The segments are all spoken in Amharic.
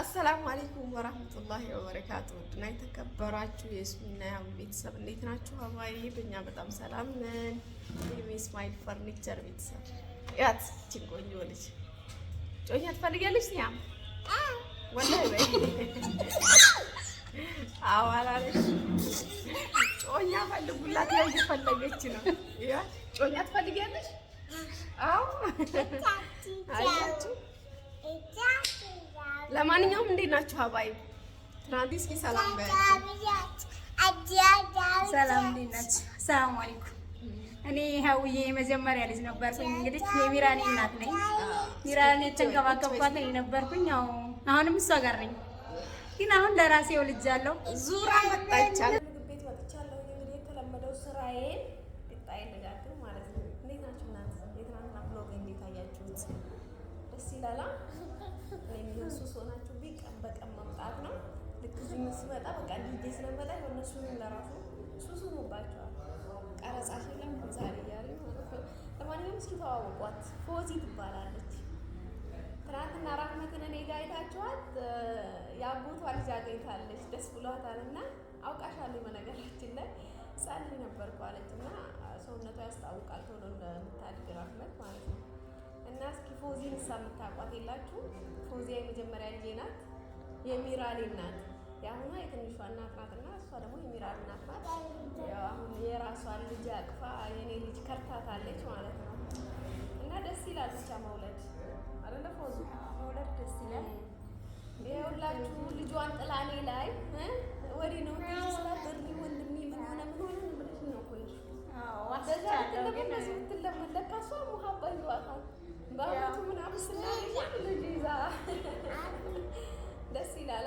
አሰላሙ አሌይኩም ወራህመቱላሂ ወበረካቱ። ውድና የተከበራችሁ የሱና ያሁን ቤተሰብ እንዴት ናችሁ? አባይ በእኛ በጣም ሰላም ነን። ኢስማኤል ፈርኒቸር ቤተሰብ ያት እችን ቆንጆ ጮኛ ትፈልጊያለሽ? ያም ወላሂ በይ አዋላለች። ጮኛ ፈልጉላት፣ ያው እየፈለገች ነው። ጮኛ ትፈልጊያለሽ? አዎ አያችሁ ለማንኛውም እንዴት ናችሁ አባይ? ትናንት ሰላም ሰላም ሰላም፣ እንዴት ናችሁ? ሰላም አለይኩም። እኔ ሀውዬ የመጀመሪያ ልጅ ነበርኩኝ። እንግዲህ የሚራኔ እናት ነኝ። ሚራኔ የተንከባከብኳት ነኝ ነበርኩኝ። ያው አሁንም እሷ ጋር ነኝ፣ ግን አሁን ለራሴው ልጅ አለው። ዙራ መጣቻል ቤት ወጥቻለሁ። ብዙ ሲመጣ በቃ እንዲህ ስለመጣ የሆነ ለራሱ ሆኖባቸዋል። ቀረጻ ዛሬ ለማንኛውም እስኪ ተዋውቋት፣ ፎዚ ትባላለች። ትናንትና ራህመትን እኔ ጋ አይታችኋት የአጎቷ ልጅ አገኝታለች፣ ደስ ብሏታል። እና አውቃሻለሁ በነገራችን ላይ እና ሰውነቷ ያስታውቃል ቶሎ እንደምታድግ ራህመት ማለት ነው። እና እስኪ የምታውቋት የላችሁ? ፎዚያ የመጀመሪያ ልጄ ናት፣ የሚራሌ ናት የአሁኗ የትንሿ እናት ናትና እሷ ደግሞ የሚራር እናት ናት። አሁን የራሷን ልጅ አቅፋ የኔ ልጅ ከርታታለች ማለት ነው። እና ደስ ይላል ብቻ መውለድ አለ ፎዙ መውለድ ደስ ይላል። ይኸውላችሁ ልጇን ጥላኔ ላይ ወዲህ ነው ስላበሪ ወንድሜ ምን ሆነ ምን ሆነ ነው ለካ እሷ በአመቱ ምናምን ስና ልጅ ይዛ ደስ ይላል።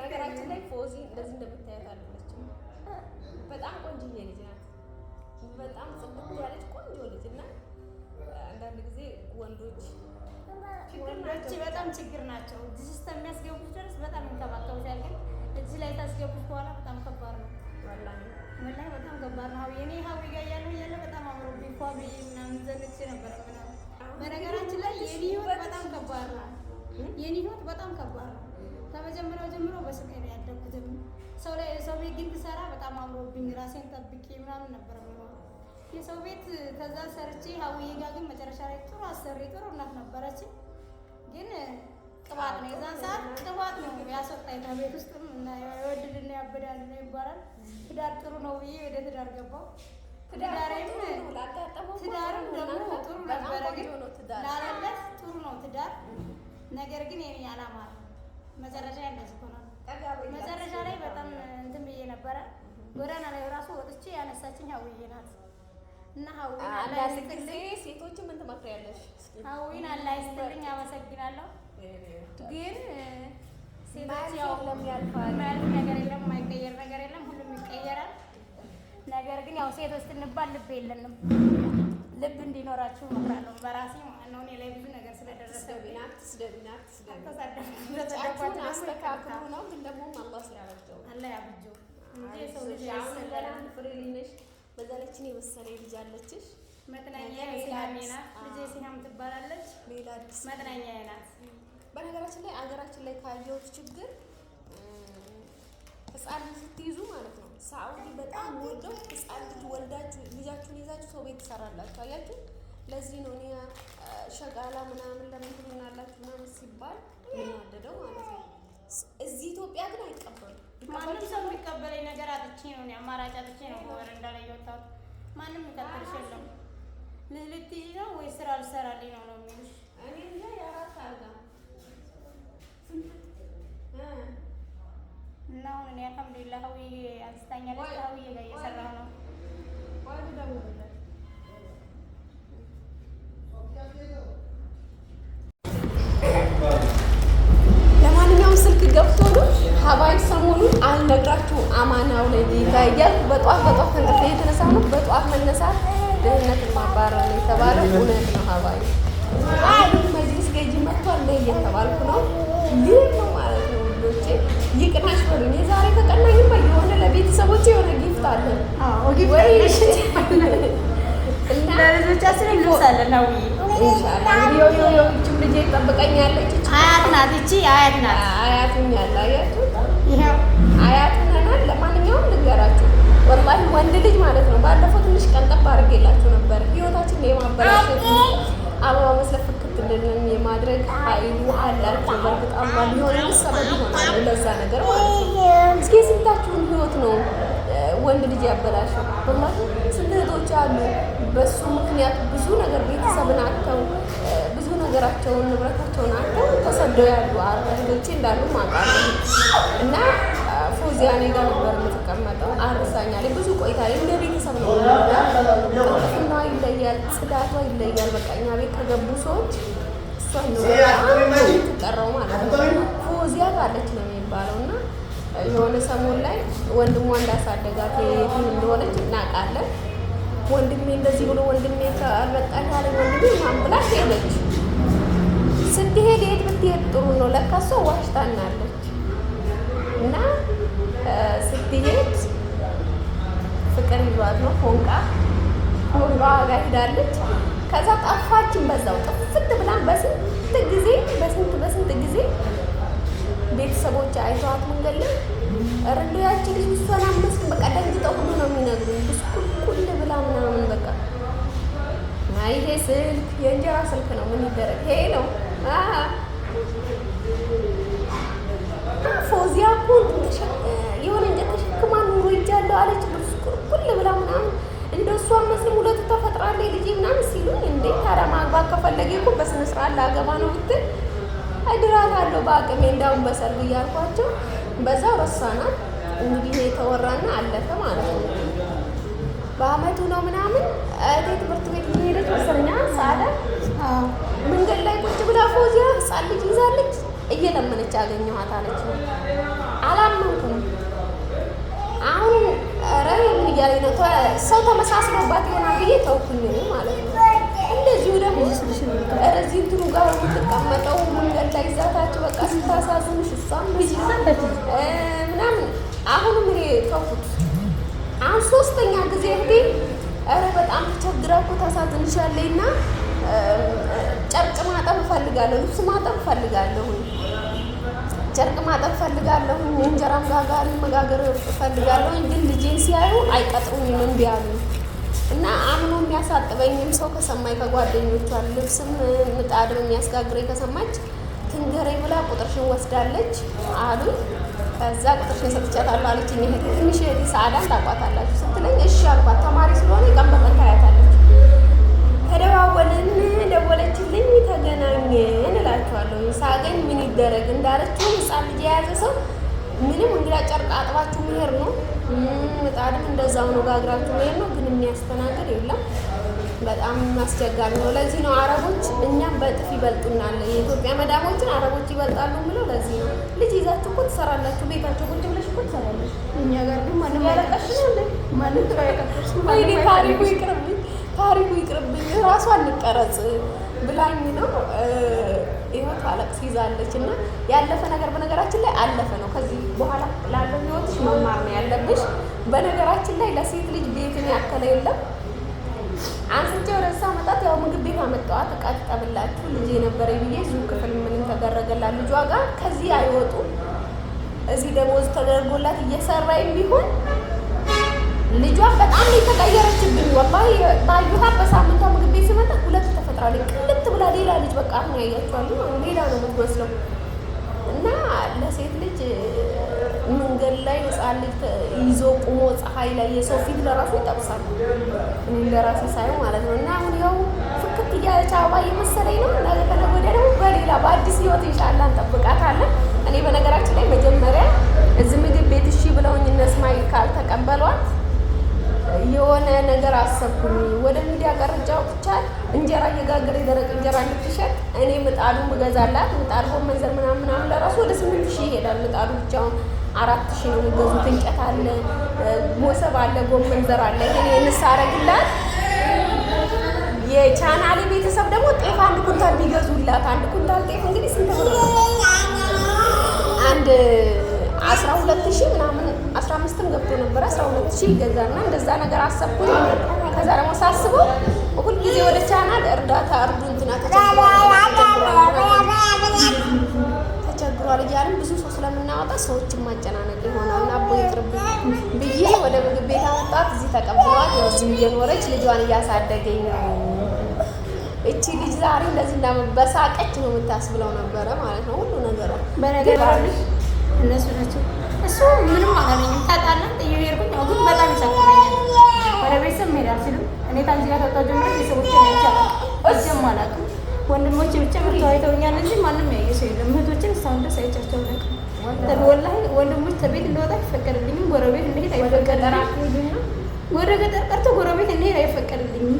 ነገራችን ላይ ፎዚ እንደዚህ እንደምታያት አለችም። በጣም ቆንጆዬ ልጅ ናት። በጣም ጽድት ያለች ቆንጆ ልጅ እና አንዳንድ ጊዜ ወንዶች ወንዶች በጣም ችግር ናቸው። እዚህ እስከሚያስገቡት ድረስ በጣም እንከባከቡታል፣ ግን እዚህ ላይ ታስገቡት በኋላ በጣም ከባድ ነው። ወላሂ በጣም ከባድ ነው። የኔ ሀዊ ጋር ያለው ያለ በጣም አምሮ ቢኳ ብዬ ምናምን ዘንቼ ነበር። በነገራችን ላይ የኔ ህይወት በጣም ከባድ ነው። የኔ ህይወት በጣም ከባድ ነው። ነው በስቃይ ነው ሰው ላይ የሰው ቤት ግን ሰራ በጣም አምሮብኝ ራሴን ጠብቄ ምናምን ነበር የሰው ቤት። ከዛ ሰርቼ ሀውዬ ጋር ግን መጨረሻ ላይ ጥሩ አሰሪ ጥሩ እናት ነበረች። ግን ቅባት ነው የዛን ሰዓት ቅባት ነው ያስወጣኝ ከቤት ውስጥም ይወድድና ያበዳል ነው ይባላል። ትዳር ጥሩ ነው ብዬ ወደ ትዳር ገባው። ትዳሬም ትዳርም ደግሞ ጥሩ ነበረ፣ ግን ላለለት ጥሩ ነው ትዳር ነገር ግን የኔ አላማ መጨረሻ ያለ ሆነ። ነበረ። ጎዳና ላይ ራሱ ወጥቼ ያነሳችኝ ሀውዬ ናት። እና ሀዊን ሴቶች ምን ትመክሪያለሽ? ሀዊን አላህ ይስጥልኝ፣ አመሰግናለሁ። ግን ሴቶች ያው ማያልፍ ነገር የለም፣ የማይቀየር ነገር የለም፣ ሁሉም ይቀየራል። ነገር ግን ያው ሴቶች ስንባል ልብ የለንም። ልብ እንዲኖራችሁ እመክራለሁ። በራሴ ማለት እኔ ላይ ብዙ ነገር ስለደረሰ ነው ደግሞ አላህ አላህ ያብጀው ፍሬ ልጅ የመሰለ ልጅ አለችሽ። መጥናኛ ሲላሜ ናት። በነገራችን ላይ አገራችን ላይ ካየሁት ችግር ህፃን ልጅ ስትይዙ ማለት ነው። ሳኡዲ በጣም ወደው ህፃን ልጅ ወልዳችሁ ልጃችሁን ይዛችሁ ሰው ቤት ትሰራላችሁ። አያችሁ፣ ለዚህ ነው እኔ ሸቃላ ምናምን ለምን ትሆናላችሁ ምናምን ሲባል የምናደደው ማለት ነው። እዚህ ኢትዮጵያ ግን ነው አማራጭ አጥቼ ነው በረንዳ ላይ የወጣሁት። ማንም ይቀጥልሽ የለም። ልትይ ነው ወይ ስራ ልሰራልኝ ነው ነው የሚሉሽ። እና አሁን እኔ አልሐምዱሊላህ ሀውዬ አንስታኛለች። ሀውዬ ጋር እየሰራሁ ነው። ዋዱ ደውልለት ሀባይ ሰሞኑን አልነግራችሁ አማናው ላይ ጌታ እያልኩ በጧት በጧት ከእንቅልፌ የተነሳ ነው። በጧት መነሳት ድህነት ማባረር ነው የተባለው እውነት ነው። ሀባይ አሉ መጅሊስ ገጂ መጥቷል ላይ እየተባልኩ ነው። ይህ ነው ማለት ነው። ልጆቼ ይቅናሽ በሉኝ። የዛሬ ተቀናኝ የሆነ ለቤተሰቦች የሆነ ጊፍት አለን ወይ እና ለልጆቻችን ይልብሳለን ነው ይችም ልጄ አያት ናት እቺ አያት ናት። አያት ነናል። ለማንኛውም ልንገራችሁ ወላሂ ወንድ ልጅ ማለት ነው። ባለፈው ትንሽ ቀን ጠብ አድርጌላችሁ ነበር። ህይወታችን የማበላሸት አበባ መስለፍ ክትልንም የማድረግ ኃይሉ አላቸው። በእርግጥ አላ ሊሆን ሰበብ ይሆናሉ ለዛ ነገር ማለት ነው። እስኪ ስንታችሁን ህይወት ነው ወንድ ልጅ ያበላሸው? ወላሂ ስንት እህቶች አሉ ምክንያቱም ብዙ ነገር ቤተሰብን አጥተው ብዙ ነገራቸውን ንብረታቸውን አጥተው ተሰደው ያሉ አርበኞቼ እንዳሉ ማቃለ እና ፎዚያኔ ጋር ነበር የምትቀመጠው። አርሳኛለች። ብዙ ቆይታ እንደ ቤተሰብ ነው። ቅፍና ይለያል፣ ጽዳቷ ይለያል። በቃ እኛ ቤት ከገቡ ሰዎች እሷ ትጠራው ማለት ነው። ፎዚያ ጋለች ነው የሚባለው እና የሆነ ሰሞን ላይ ወንድሟ እንዳሳደጋት የት እንደሆነች እናውቃለን። ወንድሜ እንደዚህ ብሎ ወንድሜ ከመጣ ያለ ወንድሜ ማን ብላ ሄደች። ስትሄድ የት ብትሄድ ጥሩ ነው? ለካ እሷ ዋሽታናለች። እና ስትሄድ ፍቅር ይዟት ነው ሆንቃ ሆንቃ ጋር ሄዳለች። ከዛ ጠፋችን በዛው ጥፍት ብላን በስንት ጊዜ በስንት በስንት ጊዜ ቤተሰቦች አይተዋት መንገድ ላይ እርዱ ያችን ልጅ ብሷን አመስግን በቃ ደንግጠው ሁሉ ነው የሚነግሩኝ ምናምን በቃ ይሄ ስልክ የእንጀራ ስልክ ነው። ምን ይደረግ? ይሄ ነው ፎዚያ ኮን የሆነ እንጨት ተሸክማ ኑሮ ይጃለሁ አለች ብስኩርኩል ብላ ምናምን እንደ እሷ መስልም ሁለቱ ተፈጥራለ ልጅ ምናምን ሲሉ እንዴ ታዲያ ማግባት ከፈለገ እኮ በስነ ስርዓት ላገባ ነው ብትል እድራት አለው በአቅሜ እንዳሁን በሰሉ እያልኳቸው በዛ ረሳናል። እንግዲህ የተወራና አለፈ ማለት ነው። በአመቱ ነው ምናምን እቴ ትምህርት ቤት እየሄደች መሰለኛ ሳለ መንገድ ላይ ቁጭ ብላ ፎዚያ ህፃን ልጅ ይዛለች እየለመነች ያገኘኋት አለች። አላመንኩም። አሁን ኧረ ምን እያለኝ ነው ሰው ተመሳስሎባት ይሆናል ብዬ ተውኩኝ ማለት ነው። እንደዚሁ ደግሞ ረዚህ እንትኑ ጋር የምትቀመጠው መንገድ ላይ ይዛታችሁ በቃ ስታሳዝንሽ እሷም ምናምን አሁንም ይሄ ተውኩት። ጊዜ እህቴ ኧረ በጣም ተቸግራ እኮ ታሳዝንሻለች እና ጨርቅ ማጠብ እፈልጋለሁ፣ ልብስ ማጠብ እፈልጋለሁ፣ ጨርቅ ማጠብ እፈልጋለሁ፣ እንጀራም ጋጋሪ መጋገር እፈልጋለሁ፣ ግን ልጄን ሲያዩ አይቀጥሩኝም እምቢ አሉ እና አምኖ የሚያሳጥበኝም ሰው ከሰማኝ ከጓደኞቿን ልብስም ምጣድ የሚያስጋግረኝ ከሰማች ትንገረኝ ብላ ቁጥርሽን ወስዳለች አሉ። ከዛ ቁጥርሽን ሰጥቻታለሁ አለችኝ። ይሄ ትንሽ ሰዓዳን ታውቋታላችሁ ስትለኝ እሺ አልኳት። ተማሪ ስለሆነ ቀመጠን ታያታለች። ተደዋወልን፣ ደወለችልኝ፣ ተገናኘን እላችኋለሁ። ሳገኝ ምን ይደረግ እንዳለችው ህፃን ልጅ የያዘ ሰው ምንም እንግዳ ጨርቅ አጥባችሁ መሄድ ነው፣ ምጣድም እንደዛው ነው፣ ጋግራችሁ መሄድ ነው። ግን የሚያስተናግድ የለም በጣም አስቸጋሪ ነው። ለዚህ ነው አረቦች እኛም በእጥፍ ይበልጡናል። የኢትዮጵያ መዳሞችን አረቦች ይበልጣሉ ምለው ለዚህ ነው። ልጅ ይዛችሁ እኮ ትሰራላችሁ፣ ቤታቸው ቁጭ ብለሽ እኮ ትሰራለሽ። ታሪኩ ይቅርብኝ፣ ታሪኩ ይቅርብኝ፣ ራሱ አንቀረጽ ብላኝ ነው ይኸው ታለቅስ ይዛለች እና ያለፈ ነገር በነገራችን ላይ አለፈ ነው። ከዚህ በኋላ ላለው ህይወትሽ መማር ነው ያለብሽ። በነገራችን ላይ ለሴት ልጅ ቤትን ያከለ የለም አመጣኋት። እቃ ትጠብላችሁ ልጄ ነበረ ብዬ እዚሁ ክፍል ምንም ተደረገላት ልጇ ጋር ከዚህ አይወጡ እዚህ ደሞዝ ተደርጎላት እየሰራ ቢሆን ልጇን በጣም የተቀየረችብኝ። ወላሂ ባዩታ በሳምንቷ ምግብ ቤት ስመጣ ሁለት ተፈጥራለች። ቅልት ብላ ሌላ ልጅ በቃ አሁን ያያቸዋሉ ሌላ ነው የምትመስለው። እና ለሴት ልጅ መንገድ ላይ ህፃን ልጅ ይዞ ቁሞ ፀሐይ ላይ የሰው ፊት ለራሱ ይጠብሳል። እኔ ለራሴ ሳይሆን ማለት ነው እና አሁን ያው የጫዋ የመሰለኝ ነው እና ከነ ወዲያ ደግሞ በሌላ በአዲስ ህይወት ይሻላ እንጠብቃታለን። እኔ በነገራችን ላይ መጀመሪያ እዚህ ምግብ ቤት እሺ ብለውኝ እነ እስማኤል ካልተቀበሏት የሆነ ነገር አሰብኩኝ። ወደ ሚዲያ ቀርጫ ወጥቻል። እንጀራ እየጋገር የደረቅ እንጀራ እንድትሸጥ እኔ ምጣዱ ብገዛላት ምጣድ ጎመንዘር ምናምን ምናምን ለራሱ ወደ ስምንት ሺህ ይሄዳል። ምጣዱ ብቻውን አራት ሺህ ነው የሚገዙት። እንጨት አለ፣ ሞሰብ አለ፣ ጎመንዘር አለ። ይህን ንሳረግላት ቻናሌ ቤተሰብ ደግሞ ጤፍ አንድ ኩንታል ቢገዙላት አንድ ኩንታል ጤፍ እንግዲህ ስንት ብር አንድ አስራ ሁለት ሺህ ምናምን አስራ አምስትም ገብቶ ነበር። አስራ ሁለት ሺህ ይገዛና እንደዛ ነገር አሰብኩኝ። ከዛ ደግሞ ሳስበው ሁልጊዜ ወደ ቻናል እርዳታ እርዱ እንትና ተቸግሯል እያልን ብዙ ሰው ስለምናወጣ ሰዎች ማጨናነቅ ይሆናል አቦ ይቅርብ ብዬ ወደ ምግብ ቤት አመጣት። እዚህ ተቀብለዋል። እዚህ እየኖረች ልጇን እያሳደገኝ ነው። እቺ ልጅ ዛሬ እንደዚህ እንዳመበሳቀች ነው የምታስብለው ነበረ ማለት ነው ሁሉ ነገሯ። በነገራለች እነሱ ናቸው። እሱ ምንም አላገኝም። ታጣለን ጥዬ ሄድኩኝ። ግን በጣም ይሰኩረኛል። ወደ ቤተሰብ ሄዳል ሲልም እኔ ታንዚጋ ተወጣ ጀምረ ቤተሰቦች ናቸው እጅም አላውቅም ወንድሞች ብቻ መጥተው አይተውኛል እንጂ ማንም ያየ ሰው የለም። እህቶችን እስካሁን ድረስ አይቻቸው ነቅ ወላሂ ወንድሞች ተቤት እንደወጣ አይፈቀድልኝም። ጎረቤት እንደሄድ አይፈቀድልኝም። ወደ ገጠር ቀርቶ ጎረቤት እንደሄድ አይፈቀድልኝም።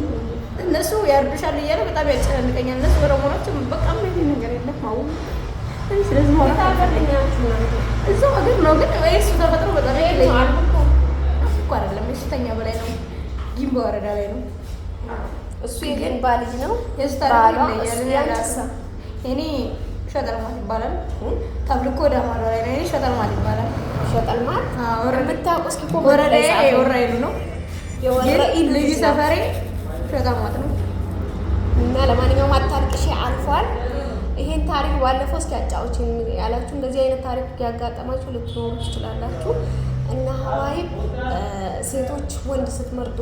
እነሱ ያርዱሻል እያለ በጣም ያጨናንቀኛል። እነሱ ኦሮሞናቸው በቃ ምን ነገር የለም። አዎ እዛው ሀገር ነው ግን እሱ ተፈጥሮ በጣም ይለኛል እኮ አይደለም። እሱ በላይ ነው። ጊምባ ወረዳ ላይ ነው እሱ ግን ባልጅ ነው እኔ ሸጠልማት ይባላል። ተብልኮ ወደ አማራ ላይ ነው። ሸጠልማት ይባላል። ሸጠልማት ወረዳ የወራ ነው። ልዩ ሰፈሬ ሸጠልማት ነው። እና ለማንኛውም አታልቅሽ አልፏል። ይሄን ታሪክ ባለፈው እስኪ አጫዎች ያላችሁ እንደዚህ አይነት ታሪክ ያጋጠማችሁ ልትኖሩ ትችላላችሁ። እና ሀዋይ ሴቶች ወንድ ስትመርጡ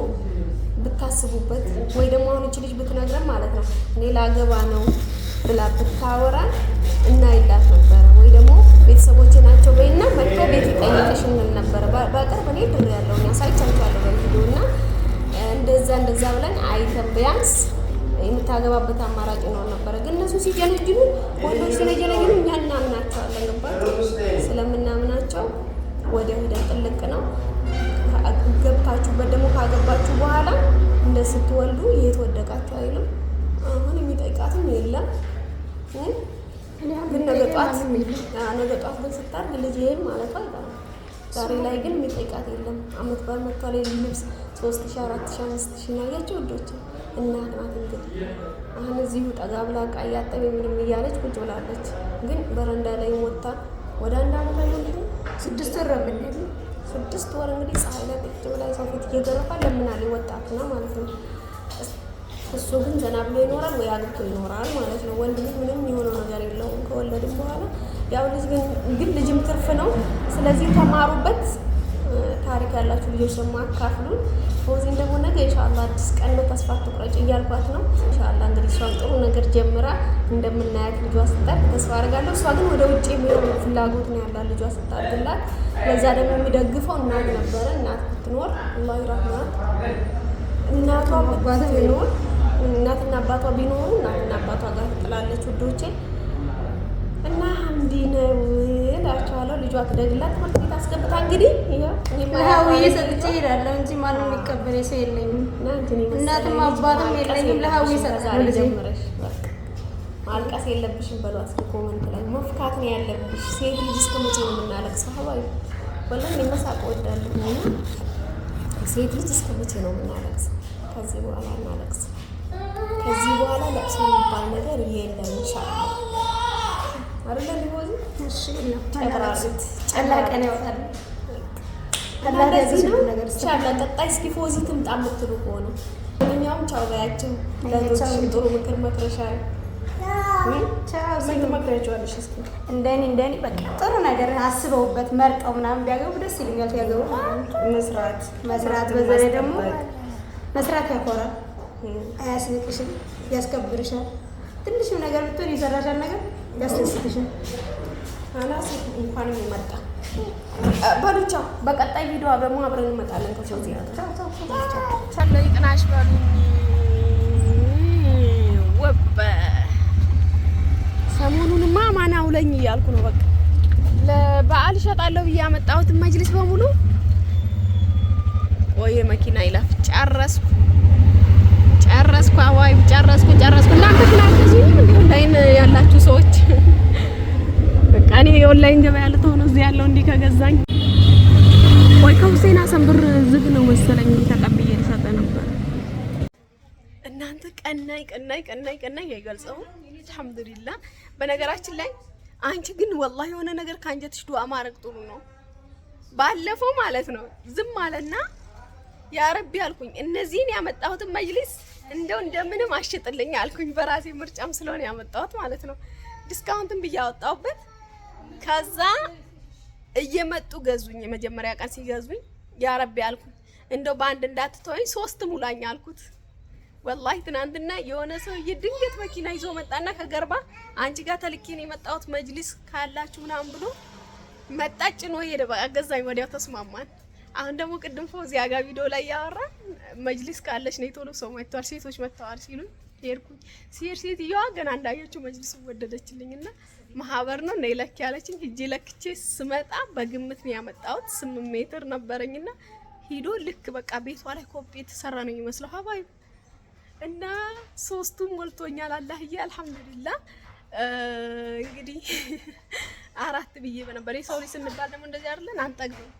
ብታስቡበት ወይ ደግሞ አሁን እች ልጅ ብትነግረን ማለት ነው እኔ ላገባ ነው ብላ ብታወራን እና ይላት ነበረ ወይ ደግሞ ቤተሰቦች ናቸው በይና መጥቶ ቤት ይጠይቅሽ እንል ነበረ። በቅርብ እኔ ድር ያለው ሳይቻቸዋለሁ በቪዲዮ እና እንደዛ እንደዛ ብለን አይተን ቢያንስ የምታገባበት አማራጭ ነው ነበረ። ግን እነሱ ሲጀነጅኑ ወንዶች ስለጀነጅኑ እኛ እናምናቸዋለን። ገባችሁ? ስለምናምናቸው ወደ ሂደን ጥልቅ ነው ገብታችሁበት ደግሞ ካገባችሁ በኋላ እንደ ስትወልዱ የት ወደቃችሁ አይልም። አሁን የሚጠይቃትም የለም ግን ነገ ጧት ግን ስታርግ ልጅ ይህም ማለቱ አይቀርም። ዛሬ ላይ ግን የሚጠይቃት የለም። አመት በዓል መጥቷል። ልብስ ሶስት ሺ አራት ሺ አምስት ሺ ናያቸው ወዶች እና ናት እንግዲህ አሁን እዚሁ ጠጋ ብላ ዕቃ እያጠበ ምንም እያለች ቁጭ ብላለች። ግን በረንዳ ላይ ወጥታ ወደ አንድ አመት ላይ ስድስት ወር ስድስት ወር እንግዲህ ፀሐይ ላይ ቁጭ ብላ ሰው ፊት እየገረፋ ለምናል ወጣት ወጣትና ማለት ነው። እሱ ግን ዘና ብሎ ይኖራል ወይ አግብቶ ይኖራል ማለት ነው። ወንድ ልጅ ምንም የሆነው ነገር የለውም ከወለድም በኋላ ያው ልጅ ግን ልጅም ትርፍ ነው። ስለዚህ ተማሩበት። ታሪክ ያላችሁ ልጆች ደግሞ አካፍሉን። ፎዚን ደግሞ ነገ ኢንሻላህ አዲስ ቀን ነው። ተስፋ ትቁረጭ እያልኳት ነው። ኢንሻላህ እንግዲህ እሷ ጀምራ እንደምናያት ልጇ ስታድግ ተስፋ አድርጋለሁ። እሷ ግን ወደ ውጭ የሚሆን ፍላጎት ነው ያላት ልጇ ስታድግላት። ለዛ ደግሞ የሚደግፈው እናት ነበረ። እናት ብትኖር አላህ ይራህማት። እናቷ ብትኖር እናትና አባቷ ቢኖሩ እናትና አባቷ ጋር ትጥላለች ውዶቼ እና ሀምዲ ነው እላቸዋለሁ። ልጇ ትደግላት ትምህርት ቤት አስገብታ እንግዲህ ለሀውዬ ሰጥቼ እሄዳለሁ እንጂ ማንም የሚቀበል ሰው የለኝም። እናትም አባትም የለኝም። ለሀውዬ ጀምረሽ ማልቀስ የለብሽም በሏት። ኮመንት ላይ መፍካት ነው ያለብሽ። ሴት ልጅ እስከ መቼ ነው የምናለቅሰው? ሀባይ ወላ የመሳቅ ወዳለሁ እና ሴት ልጅ እስከ መቼ ነው የምናለቅሰው? ከዚህ በኋላ እናለቅሰው። ከዚህ በኋላ ለቅሶ የሚባል ነገር የለም። ይሻላል አይደለ? ሊሆን ጨራርት ጨላቀን ያወጣል እንደዚህ ነው። ቀጣይ እስኪ ፎዚ ትምጣ የምትሉ ከሆነ እኛውም ቻው በያቸው ለሌሎች ጥሩ ምክር መክረሻ ስንት መክሪያቸዋለሽ? እንደኔ እንደኔ በቃ ጥሩ ነገር አስበውበት መርጠው ምናምን ቢያገቡ ደስ ይለኛል። ያገቡ መስራት መስራት በዛ ላይ ደግሞ መስራት ያኮራል፣ አያስንቅሽም፣ ያስከብርሻል። ትንሽም ነገር ብትሆን የሰራሻል ነገር ያስደስትሻል። አናስ እንኳንም መጣ በሉቻ። በቀጣይ ቪዲዮ ደግሞ አብረን እንመጣለን። ተቸውዚያለይ ጥናሽ በሉ ወበ እያልኩ ነው። በቃ ለበዓል እሸጣለሁ ብዬ ያመጣሁትን መጅልስ በሙሉ ወይ መኪና ይላፍ ጨረስኩ ጨረስኩ አዋይ ጨረስኩ ጨረስኩ። እናንተ ትናገዙኝ እንዴ ኦንላይን ያላችሁ ሰዎች በቃ እኔ ኦንላይን ገበያ ልተው ነው እዚህ ያለው እንዲህ ከገዛኝ ወይ ከሁሴን አሰንብር ዝግ ነው መሰለኝ ተቀብዬ ልሰጠ ነበር። እናንተ ቀናይ ቀናይ ቀናይ ቀናይ አይገልጸውም። አልሐምዱሊላህ በነገራችን ላይ አንቺ ግን ወላሂ የሆነ ነገር ከአንጀትሽ ዱአ ማድረግ ጥሩ ነው። ባለፈው ማለት ነው ዝም አለና ያ ረቢ አልኩኝ። እነዚህን ያመጣሁትን መጅሊስ እንደው እንደምንም አሽጥልኝ አልኩኝ። በራሴ ምርጫም ስለሆነ ያመጣሁት ማለት ነው። ዲስካውንትን ብዬ አወጣሁበት። ከዛ እየመጡ ገዙኝ። የመጀመሪያ ቀን ሲገዙኝ ያ ረቢ አልኩኝ፣ እንደው በአንድ እንዳትተወኝ ሶስት ሙላኝ አልኩት። ወላሂ ትናንትና የሆነ ሰውዬ ድንገት መኪና ይዞ መጣና ከገርባ አንቺ ጋር ተልኬን የመጣሁት መጅሊስ ካላችሁ ምናምን ብሎ መጣ፣ ጭኖ ሄደ። በቃ ገዛኝ፣ ወዲያው ተስማማን። አሁን ደግሞ ቅድም ፎዚያ ጋር ቪዲዮ ላይ ያወራ መጅሊስ ካለች ነው ቶሎ ሰው መጥተዋል፣ ሴቶች መጥተዋል ሲሉ ሄድኩኝ። ሲሄድ ሴትዮዋ ገና እንዳየችው መጅሊስ ወደደችልኝ እና ማህበር ነው ነይ ለክ ያለችኝ። ሂጄ ለክቼ ስመጣ በግምት ነው ያመጣሁት ስምንት ሜትር ነበረኝና ሂዶ ልክ በቃ ቤቷ ላይ ኮፒ የተሰራ ነው የሚመስለው ሀባዩ እና ሶስቱም ሞልቶኛል። አላህዬ አልሐምዱሊላ። እንግዲህ አራት ብዬ በነበር የሰው ልጅ ስንባል ደግሞ እንደዚህ አይደለን አንጠግብም።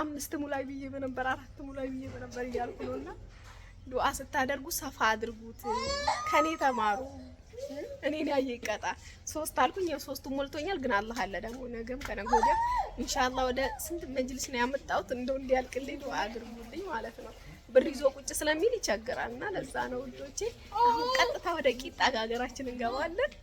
አምስት ሙላይ ብዬ በነበር አራት ሙላይ ብዬ በነበር እያልኩ ነው። እና ዱዓ ስታደርጉ ሰፋ አድርጉት፣ ከኔ ተማሩ። እኔን ያየ ይቀጣ። ሶስት አልኩኝ፣ የሶስቱም ሞልቶኛል። ግን አላህ አለ ደግሞ ነገም ከነገ ወዲያ ኢንሻአላህ ወደ ስንት መጅልስ ነው ያመጣሁት። እንደው እንዲያልቅልኝ ዱዓ አድርጉልኝ ማለት ነው። ብር ይዞ ቁጭ ስለሚል እና ለዛ ነው ውዶቼ። አሁን ቀጥታ ወደ ቂጣ ጋገራችን እንገባለን።